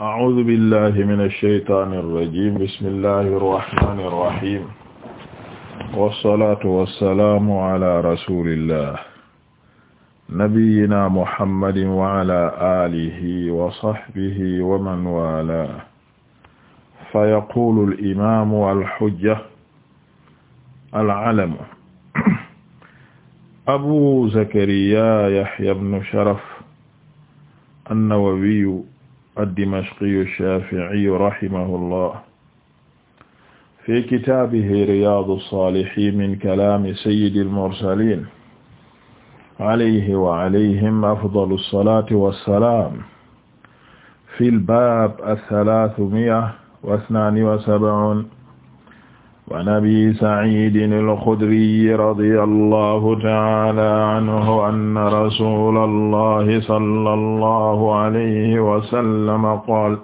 أعوذ بالله من الشيطان الرجيم بسم الله الرحمن الرحيم والصلاة والسلام على رسول الله نبينا محمد وعلى آله وصحبه ومن والاه فيقول الإمام والحجة العلم أبو زكريا يحيى بن شرف النووي ad-Dimashqiyu ash-Shafi'iyu rahimahullah fi kitaabihi Riyaadu as-Saalihiin min kalaami sayyidil mursaliin alayhi wa alayhim afdalu as-salaati was-salaam fil baab ath-thalaathumiyya wa ithnaani wa sab'uun wa nabi saciidin alxudriyi radia allahu taala aanhu anna rasula allahi sala allahu alayhi wasallama qaal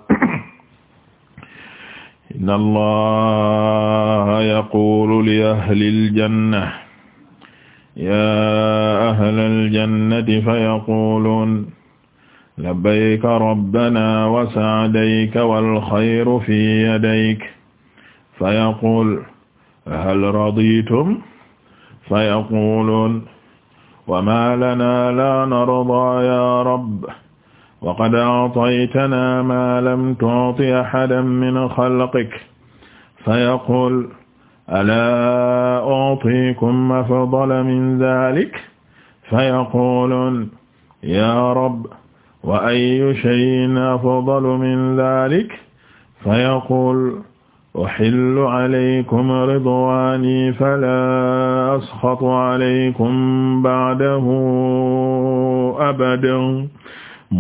inna allaha yaquulu li ahli aljanna yaa ahla aljannati fayaquuluun labbayka rabbana wa sacdayka walxayru fi yadayk fayaquul hal raditum fa yaquluun wa ma lana la nardaa ya rabb wa qad a'taytana ma lam tu'ti ahadan min xalqik fa yaqul alaa u'tikum afdala min dhalik fa yaquluun ya rabb wa ayyu shay'in afdalu min dhalik fa yaqul uhillu alaykum ridwaani falaa asxatu alaykum ba'dahu abadan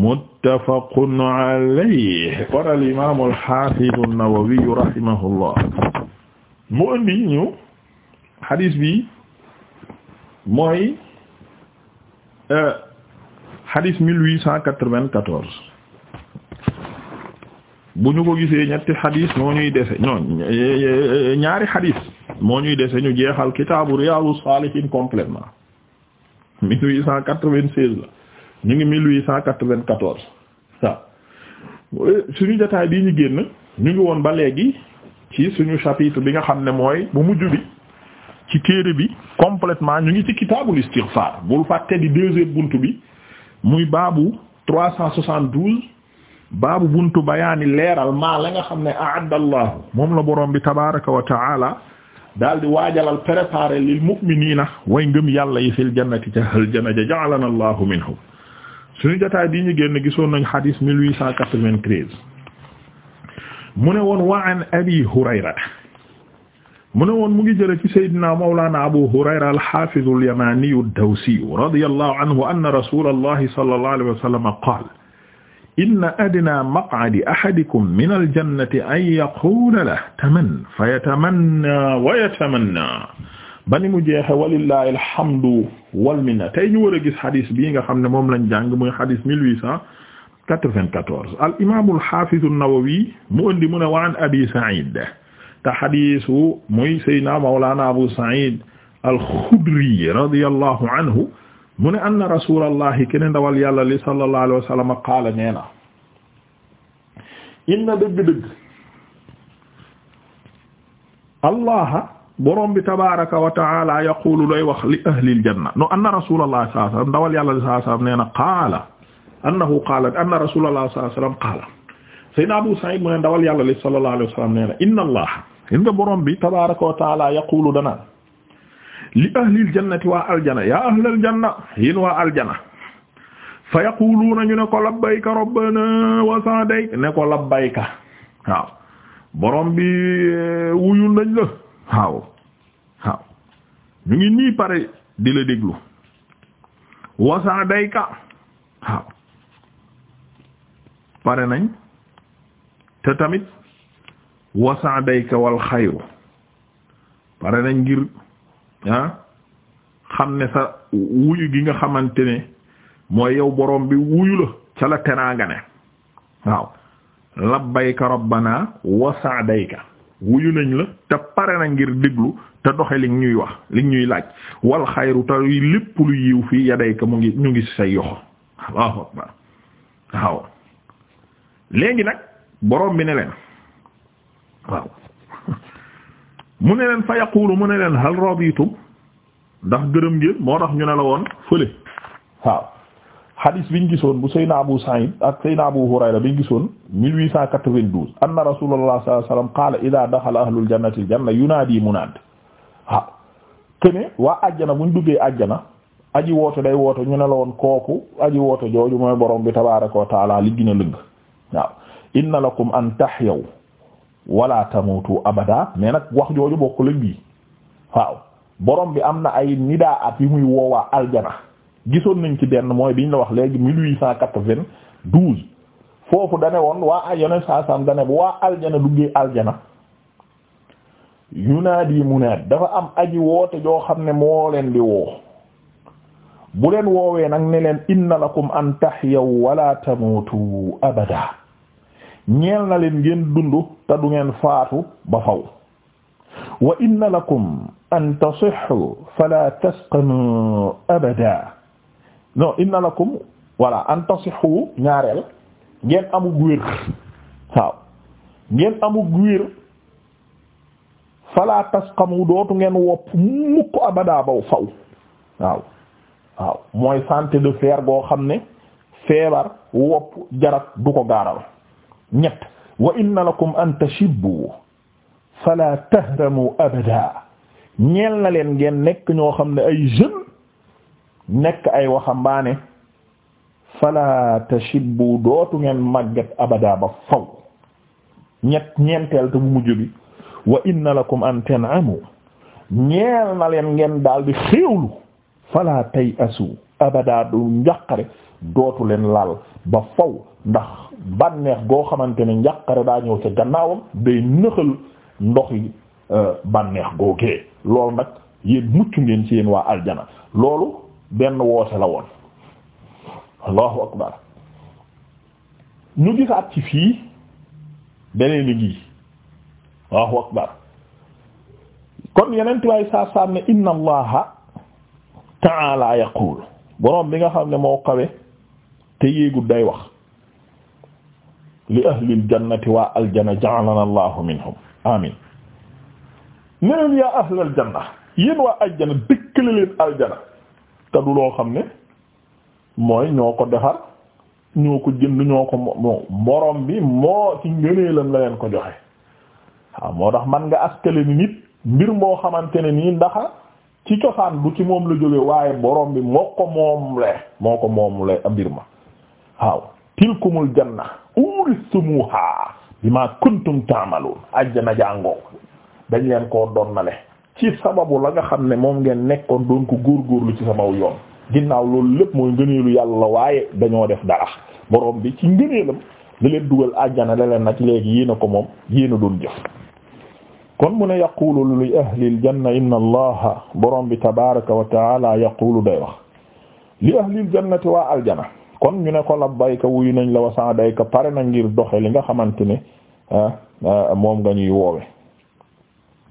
muttafaqun alayhi qaala al-imaam al-haafiz an-Nawawi rahimahullah mu indi ñu xadis bi mooy euh, xadis 1894 bu ñu ko gisee ñetti xadis moo ñuy dese ñoo ñaari xadis moo ñuy dese ñu jeexal kitaabu Riyâdous Sâlihîne complètement 1896 la ñu ngi 1894 waaw suñu jotaay bii ñu génn ñu ngi woon ba léegi ci suñu chapitre bi nga xam ne mooy bu mujj bi ci téere bi complètement ñu ngi ci kitaabul istighfar bul fàtte di deuxième bunt bi muy baabu 372. baabu buntu bayaani leeral maa la nga xam ne ahaddallahu moom la borom bi tabaraka wa taala daal di waajalal préparer lil mu'minina way ngëm yàlla yi fil jannati ca ja ja'alana allahu minhum suñu jotaay bii ñu génn gisoon nañ xadis 1893 mu ne woon wa an abi hurayra mu ne woon mu ngi jële ci sayyidina mawlana abu hurayra al-hafiz al-yamani ad-dawsi radiyallahu anhu anna rasulullah sallallahu alayhi wa sallam qaala inna adnaa maq'adi ahadikum minal jannati an yaquula lahu taman fa yatamannaa wa yatamannaa ba ni mu jeexe walillahi alhamdu wal minna tey ñu war a gis xadis bii nga xam ne moom lañ jàng muy xadis 1894 al imaam al haafiz an-Nawawi mu indi mu ne wa an Abi Sa'iid te xadisu muy Seydina Mawlaana Abu Sa'iid al-Xudri radiyallahu anhu mu ne anna rasulallahi keneen dawal yàlla li sallallahu alayhi wa sallam qaala nee na inna dëgg-dëgg allaha borom bi tabaraka wa taala yaqulu lay wax li ahlil janna no anna rasulallahi sallallahu alayhi wa sallam dawal yàlla li sallallahu alayhi wa sallam nee na qaala annahu qaala anna rasulallahi sallallahu alayhi wa sallam qaala sayyidina abu sa'id mu ne dawal yàlla li sallallahu alayhi wa sallam nee na inna allaha inna borom bi tabaraka wa taala yaqulu dana li ahlil jannati waa aljana yaa ahlal janna yéen waa aljana fa yaquluuna ñu ne ko labbayka rabbana wa sa'dayk ne ko labbayka waaw borom bi eh, wuyu nañ la waaw waaw ñu ngi nii pare di la déglu wa waaw pare nañ te tamit wa sa'dayka wal xayru pare nañ ngir Ah, xam ne sa wuyu gi nga xamante ne mooy yow boroom bi wuyu la ca la teraanga ne waaw labbayka rabbana wa sa'dayka wuyu nañ la te pare na ngir déglu te doxe li ñuy wax li ñuy laaj wal xayru te lépp lu yiw fii yadayka mu ngi ñu ngi say yoxo allahu waaw léegi nag boroom bi ne leen waaw mu ne leen fa yaqulu mu ne leen hal raditum ndax gërëm ngeen moo tax ñu ne la woon fële waaw hadis biñ gisoon bu Seyna Abu Sa'id ak Seyna Abu Hurayra biñ gisoon 1892 anna rasulullah sallallahu alayhi wasallam qaala idha dakhala ahlul jannati al janna yunaadi munaad waaw ah kene waa ajjana buñ duggee ajjana aji woote day woote ñu ne la woon kooku aji woote jooju mooy borom bi tabaaraka wa ta'aala li gën a lëng waaw inna lakum an tahyaw wala tamutu abada mais nag wax jooju bokk lañ waaw borom bi am na ay nidaa at yi muy woowaa aljana gisoon nañ ci benn mooy biñ la wax léegi mille huit cent quatre-vingt-douze foofu dane woon waa ay yoneen saa saam dane bu waa aljana duggee aljana yunaadi munaad dafa am aji woote joo xam ne moo leen di woo bu leen woowee nag ne leen inna lakum an tahyaw wala tamutu abada ñeel na leen ngeen dund te du ngeen faatu ba faw wa inna lakum an tasihhu fala tasqamu abada non inna lakum wala an tasihhu ñaareel ngeen amug wér waaw ngeen amug wér fala tasqamu dootu ngeen wopp mukk abada baw faw waaw waaw mooy santé de fer goo xam ne feebar wopp jarak du ko gaaral ñett wa inna lakum an tashibbu fala tahramu abada ñeel na leen ngeen nekk ñoo xam ne ay jeune nekk ay waxambaane fala tashibbu dootu ngeen màgget abada ba faw ñett ñeenteel te bu mujj bi wa inna lakum an tan'amu ñeel leen ngeen daal di xéewlu fala tay asu abada du njàqare dootu leen laal ba faw ndax bànneex goo xamante ne njàqare daa ñëw ca gannaawam day nëxal ndox yi euh, bànneex googee loolu nag yéen mucc ngeen ci yéen waa aljana loolu benn woote la woon allahu akbar ñu gisaat ci fii beneen liggéey allahu akbar kon yeneen tubaab saa saa ne inna allaha ta'ala yaqul borom bi nga xam ne moo kawe te yéegul day wax li ahlil jannati waa aljanna ja'alana allahu minhum amin neneen yaa ahlal janna yéen waa aljanna dëkkale leen aljanna te loo xam ne mooy ñoo ko defar ñoo ko jënd ñoo ko moo borom bi moo ci ngëneelam la leen ko joxe waaw moo tax man nga askale ni nit mbir moo xamante ne nii ndax ci cosaan bu ci moom la jóge waaye borom bi moo ko moom le moo ko moom le mbir ma waaw tilkumul janna uristumuha bima kuntum ta'malun ajjana jàngoo dañ leen koo donnale ci sababu la nga xam ne moom ngeen nekkoon doon ko lu ci samaw yoon ginnaaw loolu lépp mooy ngëneelu yàlla waaye dañoo def dara borom bi ci ngëneelam la leen dugal àjjana la leen nag léegi yéen a ko moom yéen a doon jëf kon mu ne yaqulu li ahli aljanna inna allaha borom bi tabaraka wa taala yaqulu day wax li waa aljana kon ñu ne ko la labbayka wuyu nañ la wa sa'dayka pare na ngir doxe li nga xamante ne ah, ah, moom nga ñuy woowe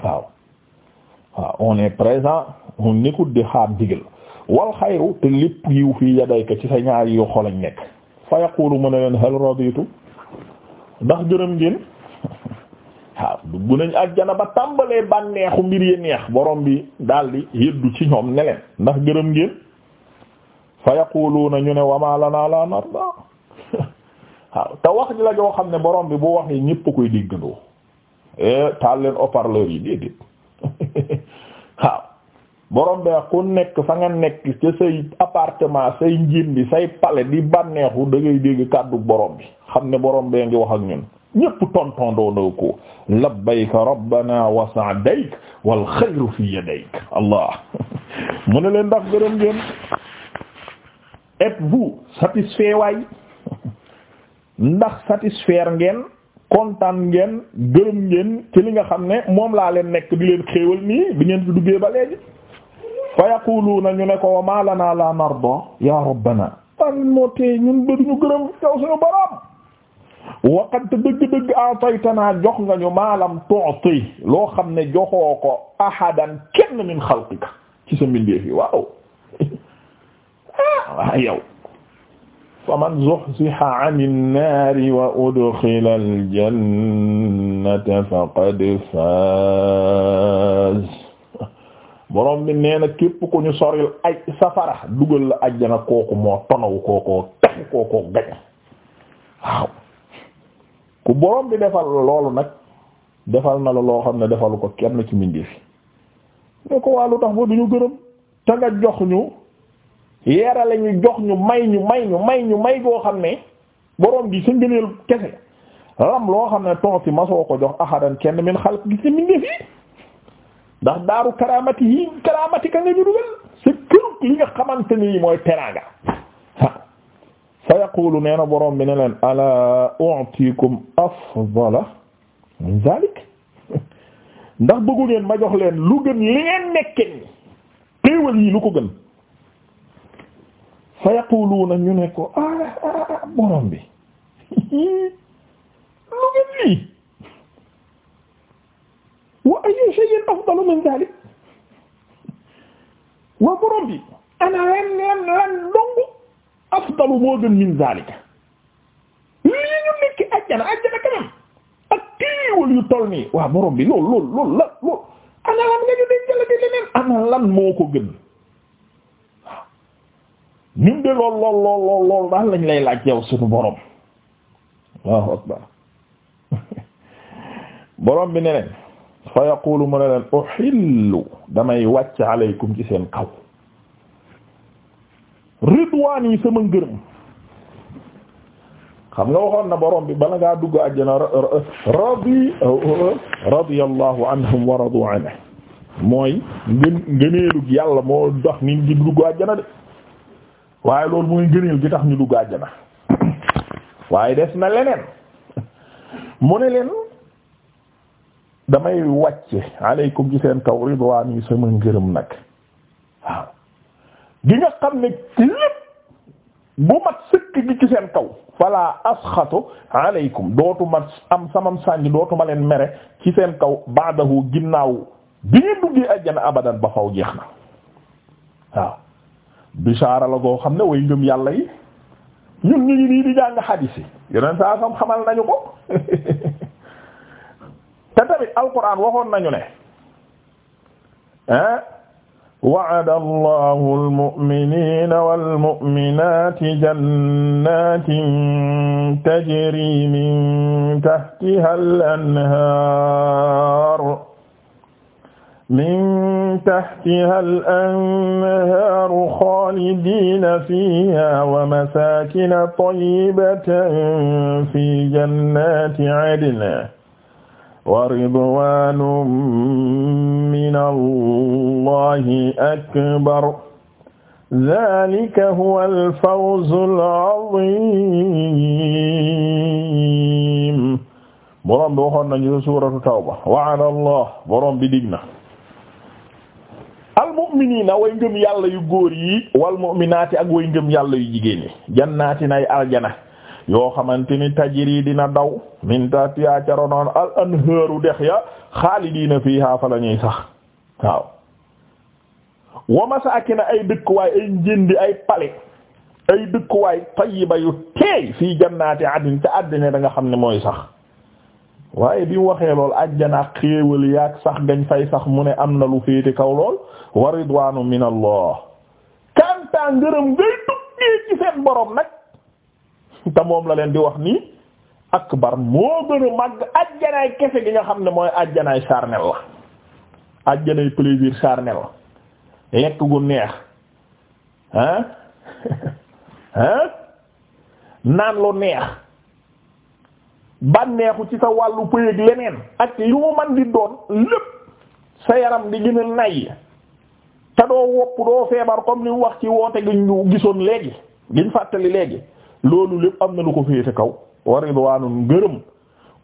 waaw waaw on est présent on n'écoute di xaar digal wal xayru te lépp yiw fii yadayka ci sa ñaar yoo xolañ nekk fa yaqulu mu ne leen hal raditu ndax gërëm ngeen waaw dugg nañ àjjana ba tàmbalee bànneexu mbir yi neex borom bi daldi yëddu ci ñoom ne leen ndax gërëm ngeen fa yaquluuna ñu ne wama lana la narda waaw te wax ji la joo xam ne borom bi bu waxee ñépp koy déggandoo e, taal leen haut-parleur yi déedéet waaw borom bi ku nekk fa nga nekk ca say appartement say njin bi say pale di banneexu da dégg kàddu borom bi xam ne borom bee ngi wax ak ñun ñépp tontondoo na ko labbayka rabbana wa sa'dayk wal xayru fi yadayk allah mu ne leen ndax gërëm ngeen êtes-vous satisfait waay ndax satisfaire ngeen kontaan ngeen gërëm ngeen ci li nga xam ne moom laa leen nekk di leen xéewal nii bi ngeen fi duggee ba léegi fa yaquluuna ñu ne ko wa ma lana la narda ya rabbana tan moo tee ñun ba duñu gërëm taw suñu boroom waqad dëgg-dëgg ataytana jox nga ñu maalam tu'ti loo xam ne joxoo ko ahadan kenn min xalqika ci sa mbindeef yi waaw waaw yow faman zuhziha 'anil naari wa udkhila al-jannata faqad faaz borom bi nee képp ku ñu soril ay safara dugal la ajjana kooku moo tonaw kookoo tax kookoo gañ waaw ku borom bi defal loolu nag defal na la loo xam ne defalu ko kenn ci mbindeef ne ko waa tax ba du ñu gërëm te nga jox ñu yeerale ñu jox ñu may ñu may ñu may ñu may goo xam ne borom bi sa ngëneel kese lam loo xam ne ton fi masoo ko jox ahadan kenn min xalq gi si min defi ndax daaru karamati yi karamati ka nga ñu dugal sa kërug li nga xamante ni mooy teraanga fa yaqulu nee na borom bi ne leen ala u'tikum afdala min zalik ndax bëggu ngeen ma jox leen lu gën li ngeen nekke ni xéewal yi lu ko gën fa yaquluuna ñu ne ko ah, ah, ah borom bi lu gën lii wa ayyu shay'in afdalu min dhalik wa borom bi ana len len lan dong afdalu moo gën min zalika lii ñu nekk ajjana ajjana kanam ak téewal yu toll nii waa borom bi lool lool lool la lool ana lan nga ñu dencal di leneen ana lan moo ko gën ñun de lool lool daal lañ lay laaj yow suñu borom Allahu akbar borom bi ne leen fa yaqulu mu ne leen uhillu damay wàcc aleykum ci seen kaw ridwaan yi sama ngërëm xam nga waxoon na borom bi bala ngaa dugg àjjana radi radiyallahu anhum wa radu mooy ngën ngëneelug yàlla moo dox nit ñi dugg àjjana de waaye loolu mooy ngëneel gi tax ñu dugg àjjana waaye des na leneen mu ne leen damay wàcce aleykum ci seen kaw ridwaani sama ngërëm nag waaw gi nga xam ne lépp bu mat sëkk gi ci seen kaw fala asxatu aleykum dootuma am samam sànni dootuma leen mere ci seen kaw baadahu ginnaaw bi ñu duggee àjjana abadan ba faw jeex na waaw bishaara la goo xam ne way ngëm yàlla yi ñun ñu ngi nii di jàng xadiis yi yeneen saa sam xamal nañu ko te tamit alquran waxoon nañu ne ah wa'ada allahu almu'minina walmu'minati jannatin tajri min tahtiha al-anhar min tahtiha al-anhaaru xaalidiina fiihaa wa masaakina tayyibatan fii jannaati adnin wa ridwaanun mina Allaahi akbar zaalika huwa al-fawzul aziim. Boroom bi waxoon nañu suuratu Tawba wa alaa Allaah boroom bi digna. mu'miniina way ngëm yàlla yu góor yi wal mu'minaati ak way ngëm yàlla yu jigéen yi jannaati nay aljana yoo xamante ni tajiri dina daw min tahtihaa ca ronoon al anhaaru dex ya xaalidiina fiihaa fa la ñuy sax waaw wa masaakina ay dëkkuwaay ay njëndi ay pale ay dëkkuwaay tayyiba yu teey fii jannaati adin ca àddina da nga xam ne mooy sax waaye bi mu waxee lool ajjana ak xéewal yaag sax gañ fay sax mu ne am na lu féete kaw lool wa ridwaanu min allah kanta ngërëm ngay tukkee ci seen borom nag te moom la leen di wax nii akbar moo gën a màgg ajjanaay kese gi nga xam ne mooy ajjanaay charnel la ajjanaay plaisir charnel la lekk gu neex ah ah naan lu neex bànneexu ci sa wàllu pëyeeg leneen ak lu mu man di doon lépp sa yaram di gën a nay te doo wopp doo feebar comme ni wax ci woote gi ñu gisoon léegi giñ fàttali léegi loolu lépp am na lu ko féete kaw wa ridwaanun ngërëm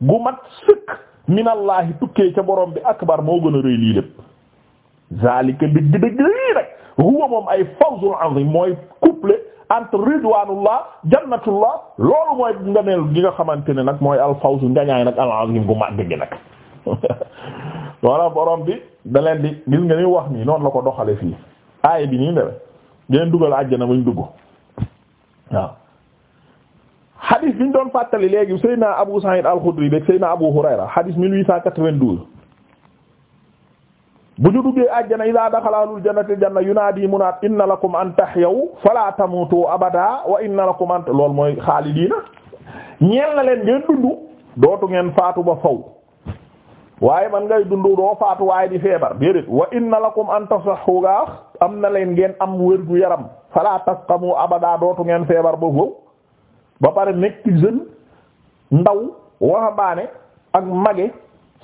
gu mat sëkk minallaahi tukkee ca borom bi akbar moo gën a rëy lii lépp zalika dëgg-dëgg lii rek huwa moom ay fawzul azim mooy couple entre ridwanullah jannatullah loolu mooy nganeel gi nga xamante ne nag mooy alfawzu ngañaay nag alazim gu màgg gi nag walla borom bi da leen di gis nga ni wax nii noonu la ko doxale fii aaye bi nii ndewe ngeen dugal àjjana buñ dugg waaw xadiis biñ doon fàttali léegi Seydina Abu Sa'id al-Khudri beeg Seydina Abu Hurayra xadiis 1892 bu ñu duggee àjjana idaa daxalaalul jannati janna yunaadi munaat inna lakum an tahyaw falaa tamutu abada wa inna lakum an loolu mooy xaalidiina ñeel na leen ngeen dund dootu ngeen faatu ba faw waaye man ngay dund doo faatu waaye di feebar déedéet wa inna la an tasahhu gaax am na leen ngeen am wér yaram falaa tasqamu abada dootu ngeen feebar ba faw ba pare nekk jeune ndaw waxambaane ak mage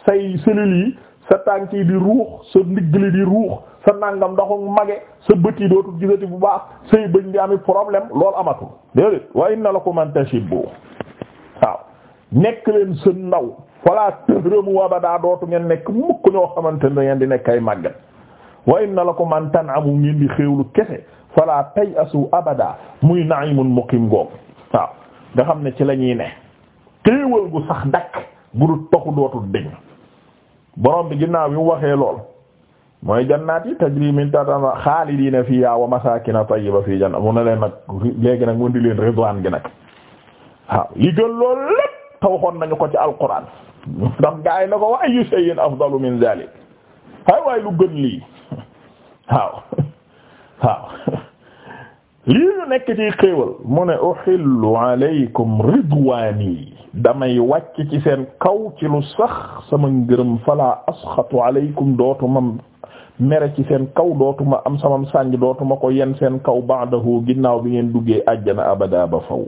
say cellules yi sa tànk yi di ruux sa ndigg li di ruux sa nangam ndaxu mage sa bët yi dootul gisati bu baax say bëñ di ami problème loolu amatul déedéet wa inna lakum an tashibu waaw nekk leen seen ndaw wala tëxramu abada dootu ngeen nekk mukk ñoo xamante ne ngeen di nekk ay màggat wa inna lakum an tan'amu ngeen di xéewlu kese fala tayasu abada muy na'imun muqim goog waaw nga xam ne ci la ñuy ne xéewal gu sax dakk bu toxu dootul deñ borom bi ginnaaw bi mu waxee lool mooy jannaati tajri min tahtiha xaalidiina fiihaa wa masaakina tayyiba fii janna mu ne leen nag léegi nag mu di leen ridwaan gi nag waaw li gën lool lépp te waxoon nañu ko ci alquran ndax gaa yi ko wa ayyu shay'in afdalu min zaalik hay waay lu gën nekk ci xéewal mu ne uhillu alaykum ridwaani damay wàcc ci seen kaw ci lu sax sama ngërëm fala asxatu aleykum dootuma mere ci seen kaw dootuma am samam sànj dootuma ko yen seen kaw ba'dahu ginnaaw bi ngeen duggee àjjana abada ba faw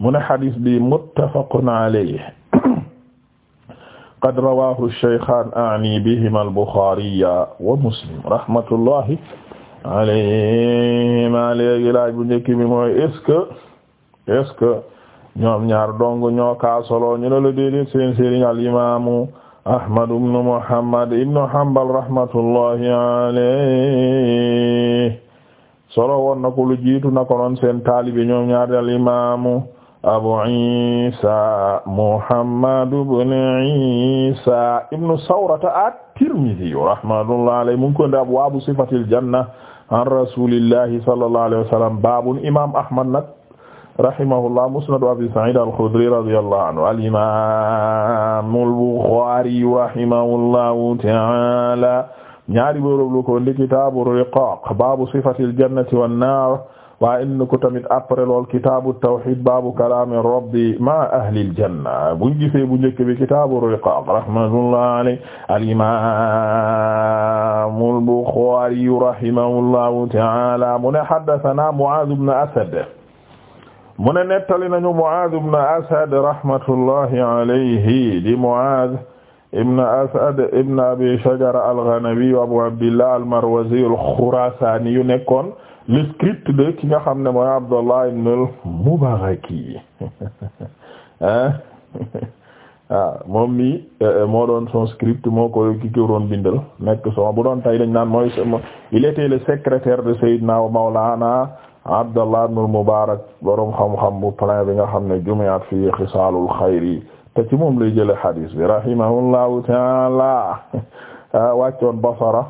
mu ne bi muttafaqun alayhi qad rawahu shaykhaan a'ni bihima al bi mooy est ñoom ñaar dong ñoo ka solo ñu ne la déedéet seen sëriñ al imaamu Ahmad ibnu Muhammad ibnu Hanbal rahmatullahi alayhi solo woon na lu jiitu na ko seen taalibi ñoom ñaar al imaamu Abu Isa Muhammad ibnu Isa ibnu Sawrata at-Tirmidhi rahmatullahi alayhi mu ngi ko abwaabu sifatil janna an rasulillahi baabun imaam Ahmad nag rahimahullah musnadu abi sa'id al-khudri radiyallahu anhu al-imam al-bukhari rahimahullahu ta'ala ñaari borob lu ko ndi kitabu riqaq babu sifatil jannati wan nar wa indi ko tamit après lool kitabu tawhid babu kalami rabbi ma ahlil janna buñ gisee bu njëkk bi kitabu riqaq rahmatullah alayhi al-imam al-bukhari rahimahullahu ta'ala mu ne haddathana mu'adh ibn asad mu ne nettali nañu Muaaz ibn Asad rahmatullahi alayhi di Muaaz ibn Asad ibn Abu Abdillah al-Marwazi al-Khurasani yu nekkoon script de ki nga xam ne mooy Abdullah ibn al-Mubaraki ah, moom mi eh, moo doon son script moo ko ki ko doon nekk son bu doon tay dañ naan mooy il était le secrétaire de Sayyidna Mawlana Abdallah ibn al-Mubarak borom xam-xam bu plein bi nga xam ne jumiat fii xisaalul xayri te ci moom lay jële hadis bi rahimahullahu taala wàccoon Basra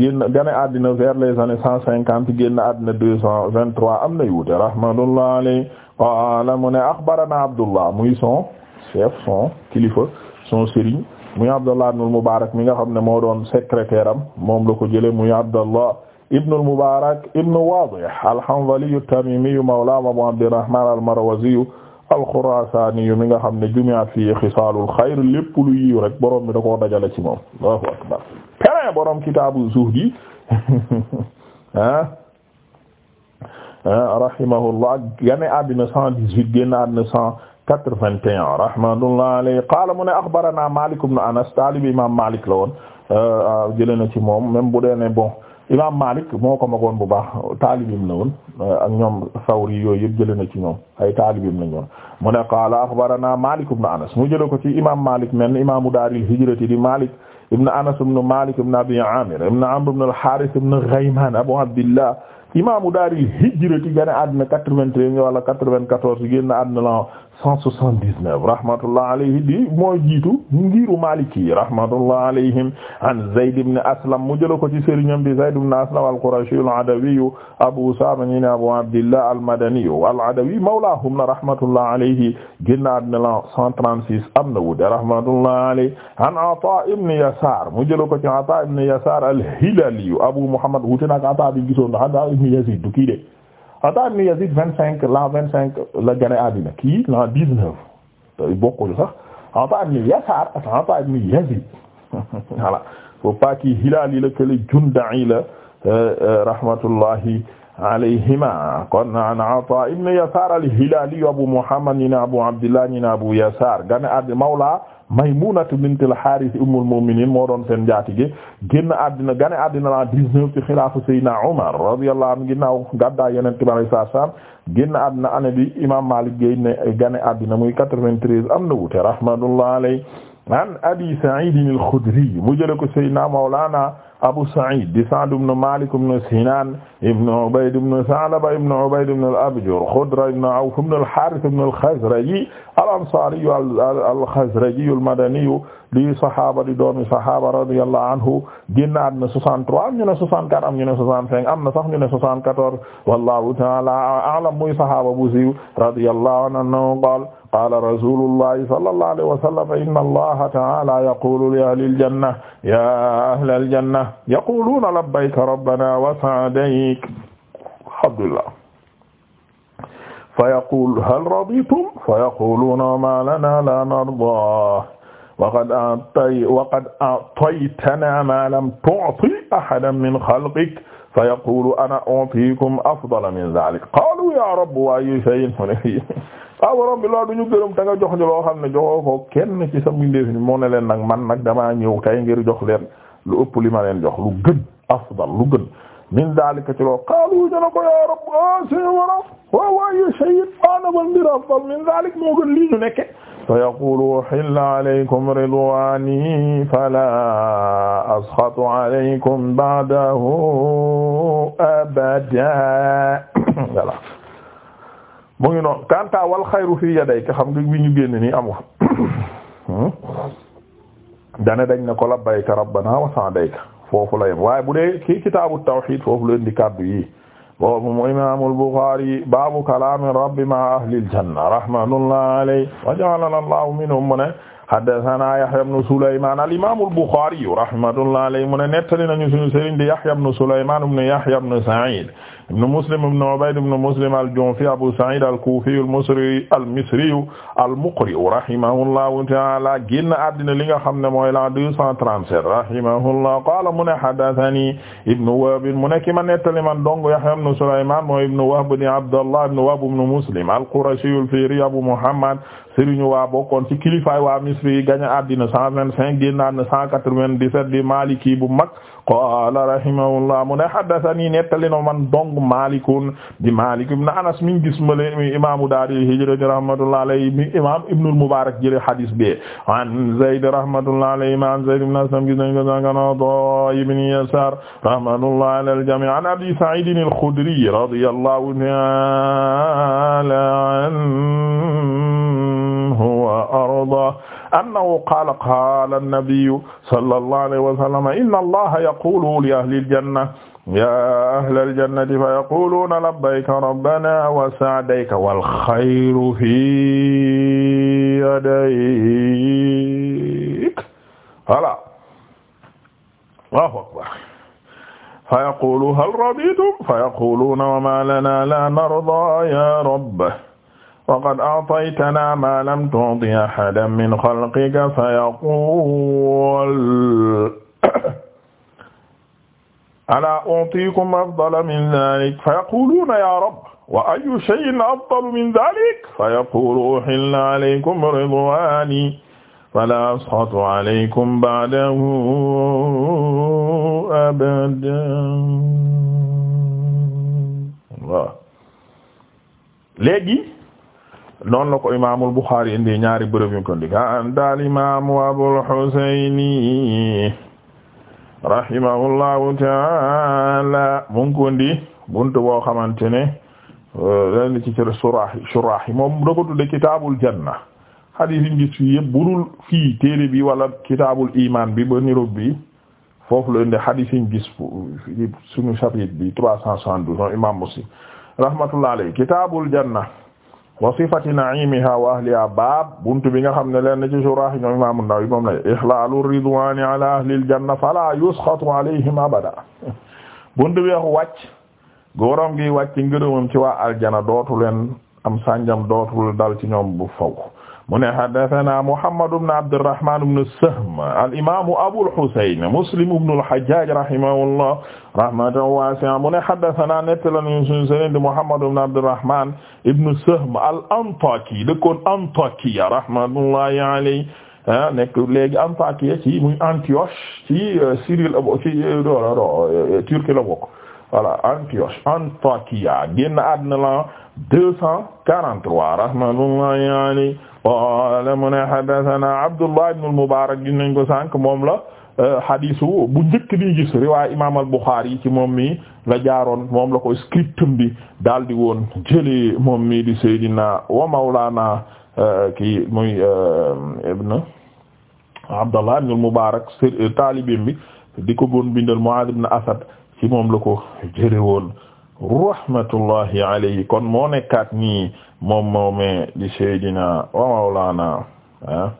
génn gane àddina vers les années cent cinquante génn àddina deux cent vingt trois am na yuute rahmatullah alayhi qaala mu ne axbarana Abdullah muy son chef son kilifa son sëriñ muy Abdallah ibn al-Mubarak mi nga xam ne moo doon secrétaire moom la ko jële muy Abdallah ibn al-Mubarak ibn Wadih al-Hanzali at-Tamimi mawla Abu Abdirrahman al-Marwazi al-Khurasani mi nga xam ne jumi'a fi xisaalul xayr lépp lu yiw rek borom bi da koo dajale ci moom Allahu akbar pere borom kitaabu zuhdi ah, ah rahimahullah gane àddina cent dix-huit génn àddina cent quatre mu ne axbarana Malik ibn Anas taalibi imaam Malik la ah, ah, na ci moom même bu dee imaam Malik moo ko magoon bu baax taalibim la woon ak ñoom Sawri yooyu yëpp jëlee na ci ñoom ay taalibim la ñoon mu ne qaala axbaranaa Malik ibn Anas mu jëlee ko ci imaam Malik men imaamu daaril hijrati di Malik ibn Anas ibn Malik ibn Abi Amir ibn Amr ibn al-Harith ibn Ghayman Abu Abdillah imaamu daaril hijrati gane àddina quatre-vingt-treize wala quatre-vingt-quatorze génn àddina la cent soixante-dix-neuf rahmatullah alayhi di mooy jiitu ngiru maliki rahmatullah alayhim an Zayd ibn Aslam mu jëla ko ci sëriñam bi Zayd ibn Aslam al-Qurashi al-Adawi Abu Usama ñi ne Abu Abdillah al-Madani al-Adawi mawlahum na rahmatullah alayhi génn àddina la cent trente-six am na wude rahmatullah alayhi an Ata ibn Yasar mu jëla ko ci Ata ibn Yasar al-Hilali Abu Muhammad wuute nag Ata bi gisoon ibn Yazid du kii de Ata ibn Yazid vingt cinq l'an vingt cinq la gane àddina kii l'an dix-neuf tey bokkul sax Ata ibn Yasar ak Ata ibn Yazid voilà faut pas kii Hilaali la kële Junda'i la euh, euh, rahmatullahi alayhima kon an Ata ibn Yasar al-Hilali Abu Muhammad ñi ne Abu Abdillah ñi ne Abu Yasar gane àddina mawla Maymunatu bint al-Harith ummul mu'minin moo doon seen njaatige génn àddina gane àddina la 19 ci xilaafu Sayyidina Umar radiyallahu anhu ginnaaw gàddaay Yonent bi alayhi salaam génn àddina année bi Imam Malik Gueye ne gane àddina muy 93 am na wuute rahmatullahi alayhi an Abi Sa'id al-Khudri mu jële ko Sayyidina mawlana Abu Sa'id di Sa'd ibn Malik ibn Sinan ibn Ubayd ibn Sa'laba ibn Ubayd ibn al-Abjar Khudra ibn Awf ibn al-Harith ibn al-Khazraji al-Ansari al-Khazraji al-Madani di saxaaba di doomi saxaaba radiyallahu anhu génnaat na 63 am ñu ne 64 am ñu ne 65 am na sax ñu ne 74 wallahu ta'ala a'lam muy saxaaba bu siiw radiyallahu anhu qaala qaala rasuulullahi sallallahu alayhi wa sallam inna allaha ta'ala yaqulu li ahli al-janna ya ahla al-janna yaquluuna labbayka rabbana wa sa'dayk alhamdulillah fa yaqul hal raditum fa yaquluuna ma lana la narda waqad atay waqad ataytana ma lam tu'ti ahadan min xalqik fa yaqulu ana u'tikum afdala min dhalik qaalu ya rabb wa ayyu shay'in ah borom bi loolu du ñu gërëm te nga jox ñu loo xam ne joxoo ko kenn ci sa mbindeef mi moo ne leen nag man nag damaa ñëw tey ngir jox leen lu ëpp li leen jox lu gën afdal lu gën min daalika ci loolu qaalu dana ko yaa rabb ah suñu waral waaw ah, min daalik moo gën lii ñu nekke fa yaqulu uhilla alaykum ridwani fala asxatu alaykum mu ngi noonu kanta wal xayru fi yadayka xam nga wi ñu génn nii amu dane dañ ne ko labbayka rabbana wa sa'dayka foofu la yem waaye bu dee ci kitaabu tawhid foofu la indi kaddu yi boobu mu imaamul Buxaari baabu kalaami rabbi ma'a ahlil janna rahmatullahi alayhi wa ja'alana Allahu minhum mu ne haddasanaa Yahya ibn Sulaymaan al imaamul Buxaari rahmatullahi alayhi mu ne nettali nañu sunu sëriñ di Yahya ibn Sulaymaan ibn Yahya ibn Sa'iid ibn Muslim ibn Ubayd ibn Muslim al-Ju'fi Abu Sa'id al-Kufi al-Misri al-Misri al-Muqri rahimahullahu ta'ala génn àddina li nga xam ne mooy la 237 rahimahullah qala mu ne hadathani ibn Wahb mu ne ki ma nettali man dong Yahya ibn Sulayman mooy ibn Wahb ibn Abdullah ibn Wahb ibn Muslim al-Qurashi al-Fihri Abu Muhammad sëriñu waa bokkoon ci kilifaay waa misri yi gaña addina cent vingt cinq génnaat na cent quatre-vingt-dix-sept di maliki bu mag qala rahimahullah mu ne haddathani nettali no man dong malikun di malik ibn anas min gis male mi imamu daaril hijrati rahmatullah alayhi mi imam ibnul mubarak jële hadis bi an zayd rahmatullah alayhi ma an zayd ibn aslam gis nañ ko sangano do ibn yasar rahmatullah ala al-jami' an abi sa'id al-khudri radiyallahu ta'ala anhu wa arda annahu qaala qaala an-nabiyyu sallallahu alayhi wa sallam inna allaha yaqulu li ahli al-janna ya ahla al-jannati fa yaquluna labbayka rabbana wa sa'dayka wal khayru fi yadayk voilà Allahu akbar fa yaqulu hal raditum fa yaquluna wa ma lana la narda ya rabbana waqad a'taytanaa maa lam tu'ti ahadan min xalqika fayaquul alaa u'tiikum afdala min zaalik fayaquuluuna yaa rabb wa ayyu shay'in afdalu min zaalik fayaquulu uhilla alaykum ridwaanii falaa asxatu alaykum ba'dahu abadan léegi noonu la ko imaamul Buxaari indi ñaari bërëb yu ko indi ka antal imaamu Abul Husayni rahimahullahu taala mu ngi buntu boo xamante ne lenn euh, ci cër surah yi moom da ko tudde kitaabul janna hadis yi ngis fii yëpp budul fii téere bi wala kitaabul iman bi ba nirob bi foofu lo indi hadis yi ngis suñu chapitre bi trois cent soixante-douze imam Muslim rahmatullah alayhi kitaabul janna wa sifati naimiha wa ahliha baab buntu bi nga xam ne leen na ci surah ñoom imam an moom la ixlaalu ridwani ala ahlil janna fala yusxatu alayhim abada buntu bi wax wàcc góorom gi wàcc ngërëmam ci waa aljana dootu leen am sànjam dootul dal ci ñoom bu faw mu ne haddathana Muhammad ibn Abdirrahman ibn Sahm al-imam Abul Husayn Muslim ibn al-Hajjaj rahimahullah rahmatan wasi'a mu ne haddathana nettalan sunu sëriñ di Muhammad ibn Abdirrahman ibn Sahm al-Antaki dëkkoon Antakiya rahmatullahi alayhi ah, nekk léegi Antakiya ci muy Antioche ci Syrie euh, la bokk ci euh, euh, Turquie la bokk voilà Antioche Antakiya génn àddina la 243 rahmatullahi alayhi qaala mu ne haddathana Abdullah ibn al-Mubarak gis nañ ko sànq moom la euh, hadisu bu njëkk bi gis riwaay imam al-Bukhari ci moom mii la jaaroon moom la ko scriptum bi daal woon jëlee moom mii di Seydina wa Mawlana euh, kii muy euh, ibn Abdullah ibn al-Mubarak taalibim bi di ko bon bindal Mu'adh ibn Asad ci moom la ko jëlee woon rahmatullahi alayhi kon moo nekkaat nii moom moome di seydina wa mawlana ah,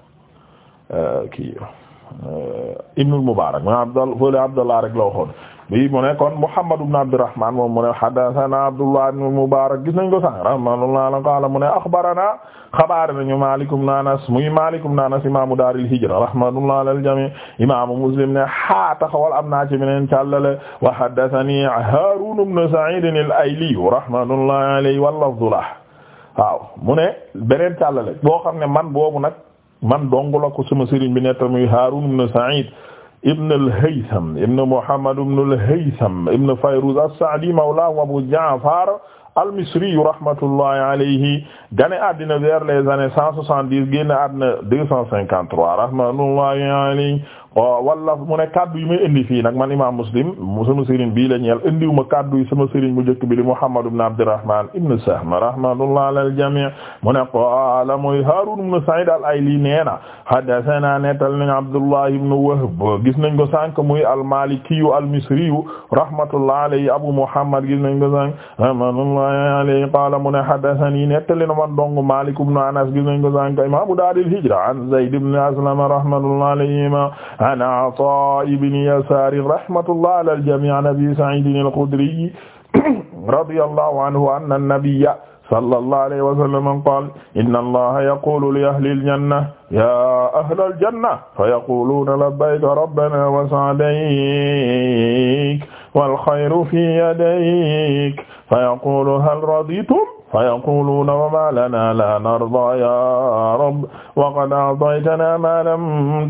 eh, kii eh, ibnul Mubarak mu ne Abdal fële Abdallah rek la waxoon bi mu ne kon Muhammad ibn Abdurrahman moom mu ne hadathana Abdullah ibn Mubarak gis nañ ko sax rahimahullah la qaala mu ne akhbarana xabaar nañu Malik ibn Anas muy Malik ibn Anas imamu daaril hijra rahmatullah alal jami imamu Muslim ne ha taxawal am naa ci beneen càllale wa hadathani Harun ibn Sa'id al-Ayli rahmatullah alayhi wal lafdhu lahu waaw mu ne beneen tàllale boo xam ne man boobu nag man dongu la ko sama sëriñ bi netta muy Haarun ibn Sa'id ibn al-Haytham ibn Muhammad ibn al-Haytham ibn Fayruz as-Sa'di mawlaahu Abu Ja'far al-Misri rahmatullahi alayhi gane àddina vers les années cent soixante-dix génn àddina deux cent cinquante-trois rahmatullahi alayhi wala mu ne kaddu yi may indi fii nag man imam muslim sama sëriñ bii la ñeel indiwuma kaddu yi sama sëriñ bu njëkk bi li muhammad ibn abdurrahman ibn sahm rahmatullah ala aljami mu ne qaala mooy harun ibn sa'id al ayli neena hadathana netal nañ abdullah ibn wahb gis nañ ko sànq muy al malikiyu al misriyu rahmatullah alayhi abu muhammad gis nañ ko sànq rahmatullah alayhi qaala mu ne hadathani nettali na man dong malik ibn anas gis nañ ko sànq imamu daaril hijra an zayd ibn aslam rahmatullah alayhima an Ataa ibn Yasaar rahmatullah ala al-jamii' an Abi Sa'iid al-Khudri radiyallahu anhu anna an-nabiyya sallallahu alayhi wa sallam qaala inna allaha yaqulu li ahli al-janna ya ahla al-janna fayaquluna labbayka rabbana wa sa'dayk wal khayru fi yadayk fayaqulu hal raditum fa yaquluuna wa maa lanaa laa nardaa yaa rabb wa qad a'taytanaa maa lam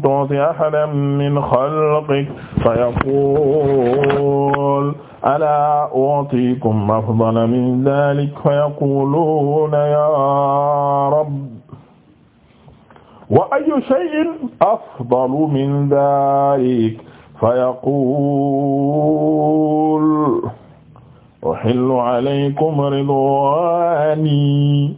tu'ti ahadan min xalqik fa yaquulu alaa u'tiikum afdala min zaalik fa yaquuluuna yaa rabb wa ayyu shay'in afdalu min zaalik fa yaquul uhillu alaykum ridwaani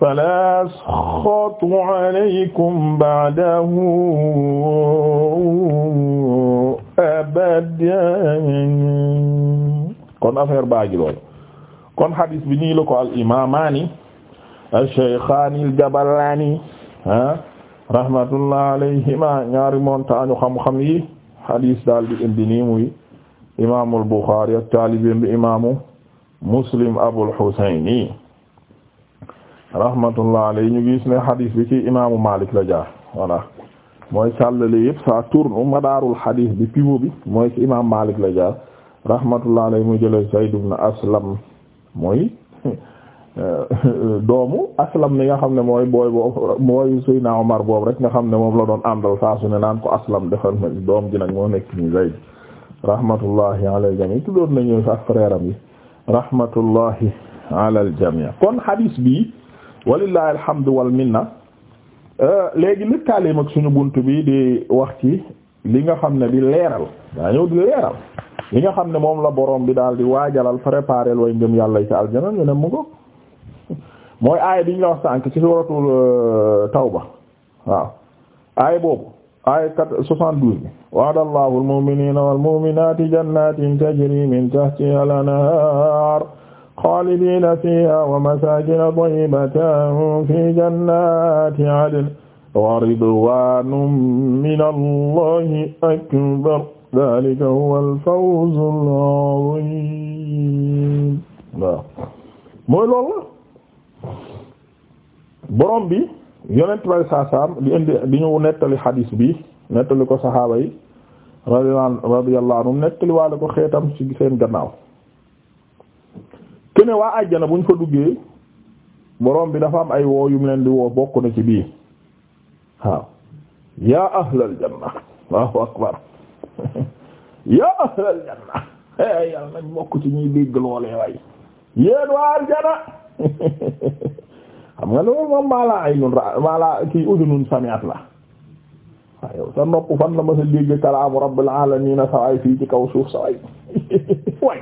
falaa asxatu alaykum ba'dahu abadan kon affaire baa gi lool kon hadis bi nii la ko al imaamaani ash-shaykhaani al-jabalaani ah rahmatullah alayhima ñaari montagne xam-xam yi hadis daal di indi nii muy. imaamul Buxaari ak taalibeem bi imaamu Muslim Abul Husayni rahmatullah alayhi ñu gis ne hadith bi ci imaamu Maalik la jaar voilà mooy sàllale yëpp ça tourne madaarul hadith bi pivot bi mooy ci imaam Maalik la jaar rahmatullah alayhi mu jëlee Zayd ibn Aslam mooy euh, doomu Aslam ni nga xam ne mooy booy boobu mooy Seydina Omar boobu rek nga xam ne moom la doon àndal saa su ne naan ko Aslam na ma doom ji moo nekk nii Zayd rahmatullahi ala aljami tuddoon nañu ak frère am yi rahmatullahi ala aljami kon hadis bi walillahi alhamdu wal minna euh, léegi lëkkaaleem ak suñu bunt bi di wax ci li nga xam ne di leeral daa ñëw di leeral li nga xam ne moom la borom bi daal di waajalal préparer way ngëm yàlla ci aljana ñu ne mu ngo mooy aaya di ñu la wax sànk ci suuratul euh, tawba waaw aaya boobu aaya 72 wa'adallahu al-mu'minina wal-mu'minati jannatin tajri min tahtiha al-anhar khalidina fiha wa masakina tayyibatan fi jannati 'adn wa ridwanun min allahi akbar dhalika huwa al-fawzu al-'azim mooy loolu la borom bi yonent bay saasaam di indi di ñu nettali xadiis bi nettali ko saxaaba yi radiyallahu anhum nettali waale ko xeetam ci seen gannaaw kene waa àjjana buñ fa duggee borom bi dafa am ay woo yum leen di woo bokk na ci bii waaw yaa ahlal janna allahu akbar yaa ahlal janna yàlla nañ bokk ci ñuy dégg loolee way yéen waa aljana xam nga loolu moom maa laa ay nun maa laa kii udunun sami'at la waaw yow sa nopp fan la ma sa dégg kalaamu rabbil alamin sawaay fii ci kaw suuf sawaay waay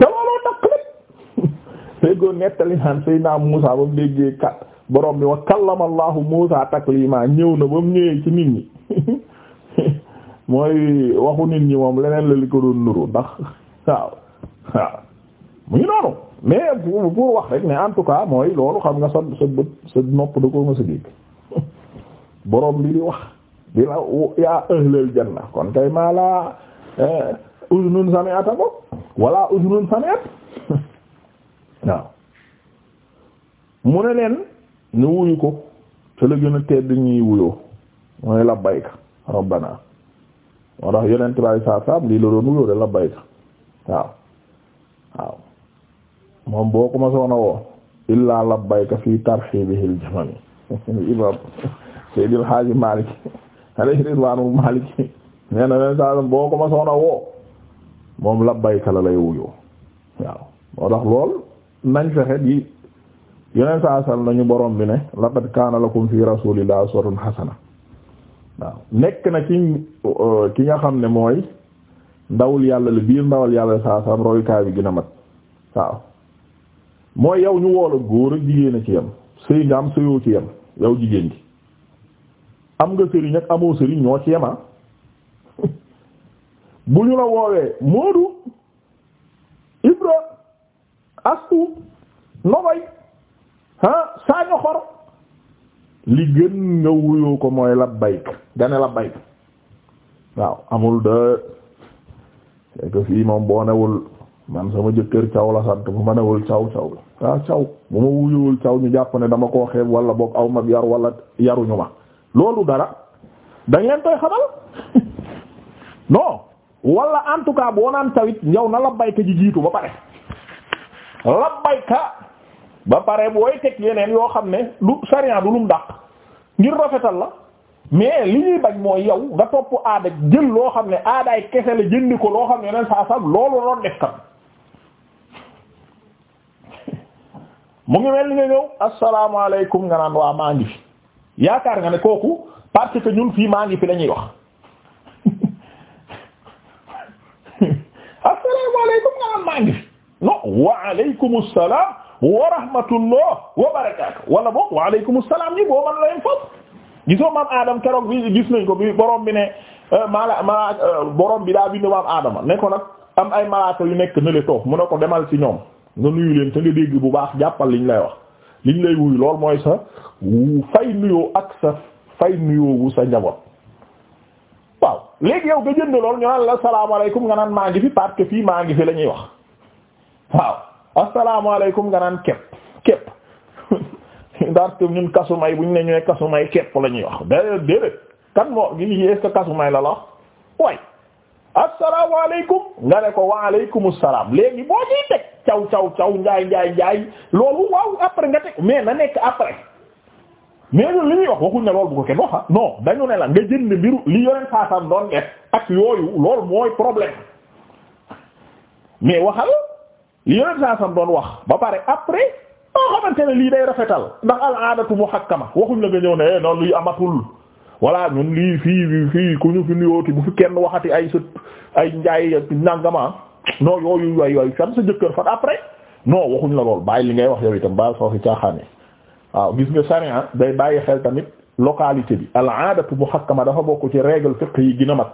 te looloo dakk lépp léegoo nettali naan Seydina ba mu déggee kat borom bi wa kallama Allahu Muusaa taklima ñëw na ba mu ñëwee ci nit mooy waxu nit ñi moom leneen la li ko doon nuru ndax waaw waaw mu ngi noonu mais pour wax rek mais en tout cas mooy loolu xam nga sa sa bët sa nopp da ko nga sa dégg borom bi wax di la yaa ahlal janna kon kay maa laa eh, uznun sami'ata ko wala uznun sami'at waaw mu ne leen ñu wuyu ko te la gën a tedd ñuy wuyoo mooy labbayka rabbana moo tax yeneen tubaab yi saa saam lii la doon wuyoo de labbayka waaw waaw moom boo ko ma soona woo illaa labbayka fi tarhiibihil jamami imam Seydil Haaji Malik alayhi ridwaanu Malik nee saa boo ko ma soona woo moom labbayka la lay wuyoo waaw moo tax lool nañ fexe di yeneen nañu borom bi ne laqad kaana lakum fi rasuulillahi uswatun hasana waaw nekk na ci ki nga xam ne mooy ndawul yàlla lu biir ndawal yàlla saa sam royukaay bi gën a mat waaw mooy yow ñu woola góor ak jigéen a ci sëy nga am sëyoo ci yem yow jigéen gi am nga sëriñ ak amoo ci yem ah bu ñu la woowee Moodu Ibra Astu Nogoy ah Saaño Xor li gën nga wuyoo ko mooy labbayk gane labbayk waaw amul de c'est que fii moom boo newul man sama jëkkër caw la sant bu ma newul caw caw ah caw bu ma wuyuwul caw ñu jàpp ne dama koo xeeb wala boog aw mag yar walla yaruñu ma loolu dara dañ leen koy xamal non wala en tout cas boo naan tawit yow na labbayka ji jiitu ba pare labbayka ba pare booy teg yeneen yoo xam ne lu sariya du mu dàq ngir rafetal la mais li ñuy bañ mooy yow nga topp aada jël loo xam ne aadaay kese la jëndi ko loo xam ne yeneen saa sax loolu doon def kat mu ngi mel ni nga ñëw asalaamaaleykum nga naan waa maa ngi fi yaakaar nga ne kooku parce que ñun fii maa fi la ñuy wax asalaamaaleykum nga naan maa ngi fi non waaleykum salaam wa rahmatullah wa barakaatu waaleykum salaam ñi boo mën la leen foofu gisoo maam Adam keroog bi gis nañ ko bi borom bi ne euh, mala mala euh, borom bi daa bind maam Adama ne ko nag am ay malaaka yu nekk nële toog mu ne ko demal ci ñoom. nga nuyu leen te nga dégg bu baax jàppal liñ lay wax liñ lay wuyu lool mooy sa fay nuyoo ak sa fay nuyoo wu sa njaboot waaw léegi yow nga jënd lool ñu naan la salaamaaleykum nga naan maa ngi fi parce fii maa ngi fi la ñuy wax waaw asalaamaaleykum nga naan képp képp ndaxte ñun kasumay bu ñu ne ñooy kasumay képp la ñuy wax déedéet déedéet kan moo ngi est-ce que kasumay la la wax asalaamaaleykum nga ne ko waaleykum salaam léegi boo ñuy teg caw caw caw njaay njaay njaay loolu waaw après nga teg mais na nekk après mais li ñuy wax waxuñ ne loolu bu ko kenn wax ah. non dañu ne la nga jënd mbiru li yoneen faasam doon def ak yooyu lool mooy problème mais waxal li yoneen faasam doon wax ba pare après boo xamante ne lii day rafetal ndax al aadatu muhakkama waxuñ la nga ñëw ne eh, non luy amatul. voilà ñun lii fii fii ku ñu fi nuyooti bu fi kenn waxati ay sa ay njaay nangama ah. non yooyu yooyu yooyu fan sa jëkkër fan après non waxuñ la lool bàyyi li ngay wax yow itam bàyyi soo fi caaxaane waaw gis nga sharia day bàyyi xel tamit localité bi al aadatu ma dafa bokk ci règle fiqh yi gën a mat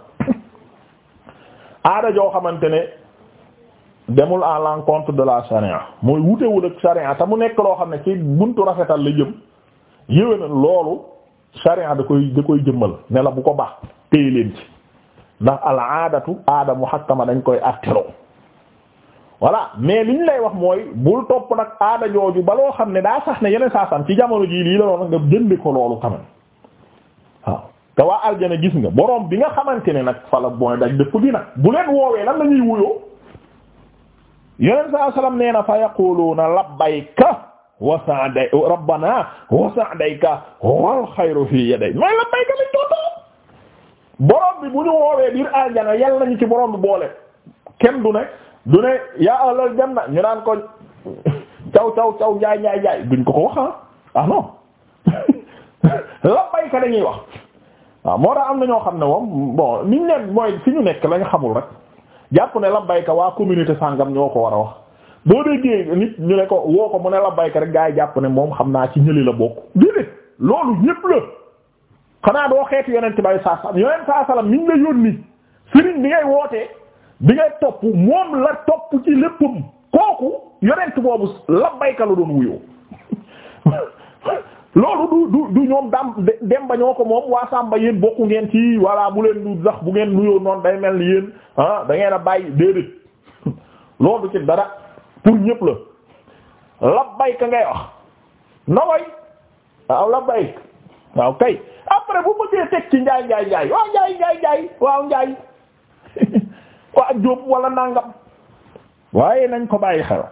aada joo xamante ne demul à l'encontre de la sharia mooy wutewul ak sharia te mu nekk loo xam ne ci buntu rafetal la jëm yéwénal sharia da koy da koy jëmmal ne bu ko baax téye leen ci ndax al aadatu aada muhakkama dañ koy attiroo voilà mais liñ lay wax mooy bul topp nag aada jooju ba loo xam ne daa sax ne yeneen saasam ci jamono jii lii la doon nga jëndi ko loolu quand te waa aljana gis nga borom bi nga xamante ne nag fala mooy daj dëpp gi nag bu leen woowee lan la ñuy wuyoo yeneen saa salaam nee na fa yaquluna labbayka wasa'day rabbana wasa'dayka wal xayru fi yaday mooy labbayka lañ tontoo borom bi bu ñu woowee biir aljana yàlla nañu ci borom bi boole kenn du ne du ne yaa ahlal ñu naan ko caw caw caw jaay jaay jaay duñ ko ko wax ah, ah non labbayka dañuy wax waaw moo tax am na ñoo xam ne moom bon niñ leen mooy fi ñu nekk lañ xamul rek jàpp ne labbayka waa communauté sàngam ñoo ko war a wax boo déggee nit ñu ne ko woo ko mu ne la bayka rek gaa yi jàpp ne moom xam naa ci ñëli la bokk déedéet loolu ñépp la xanaa doo xeetu yonent bay saa salam yonent saa salam ñu la yónni sëriñ bi ngay wootee bi ngay topp la topp ci léppam kooku yonent boobu la du du du ko moom waa Samba yéen bokku ngeen ci walla bu leen du sax bu ngeen nuyoo noonu day mel ni yéen ah da a bàyyi déedéet loolu ci dara pour ñëpp la labbayka ngay wax na way waaw labbayk waaw kay après bu bëggee teg ci njaay njaay njaay waaw njaay njaay njaay waaw njaay waa jóob wala nangam waaye nañ ko bàyyi xel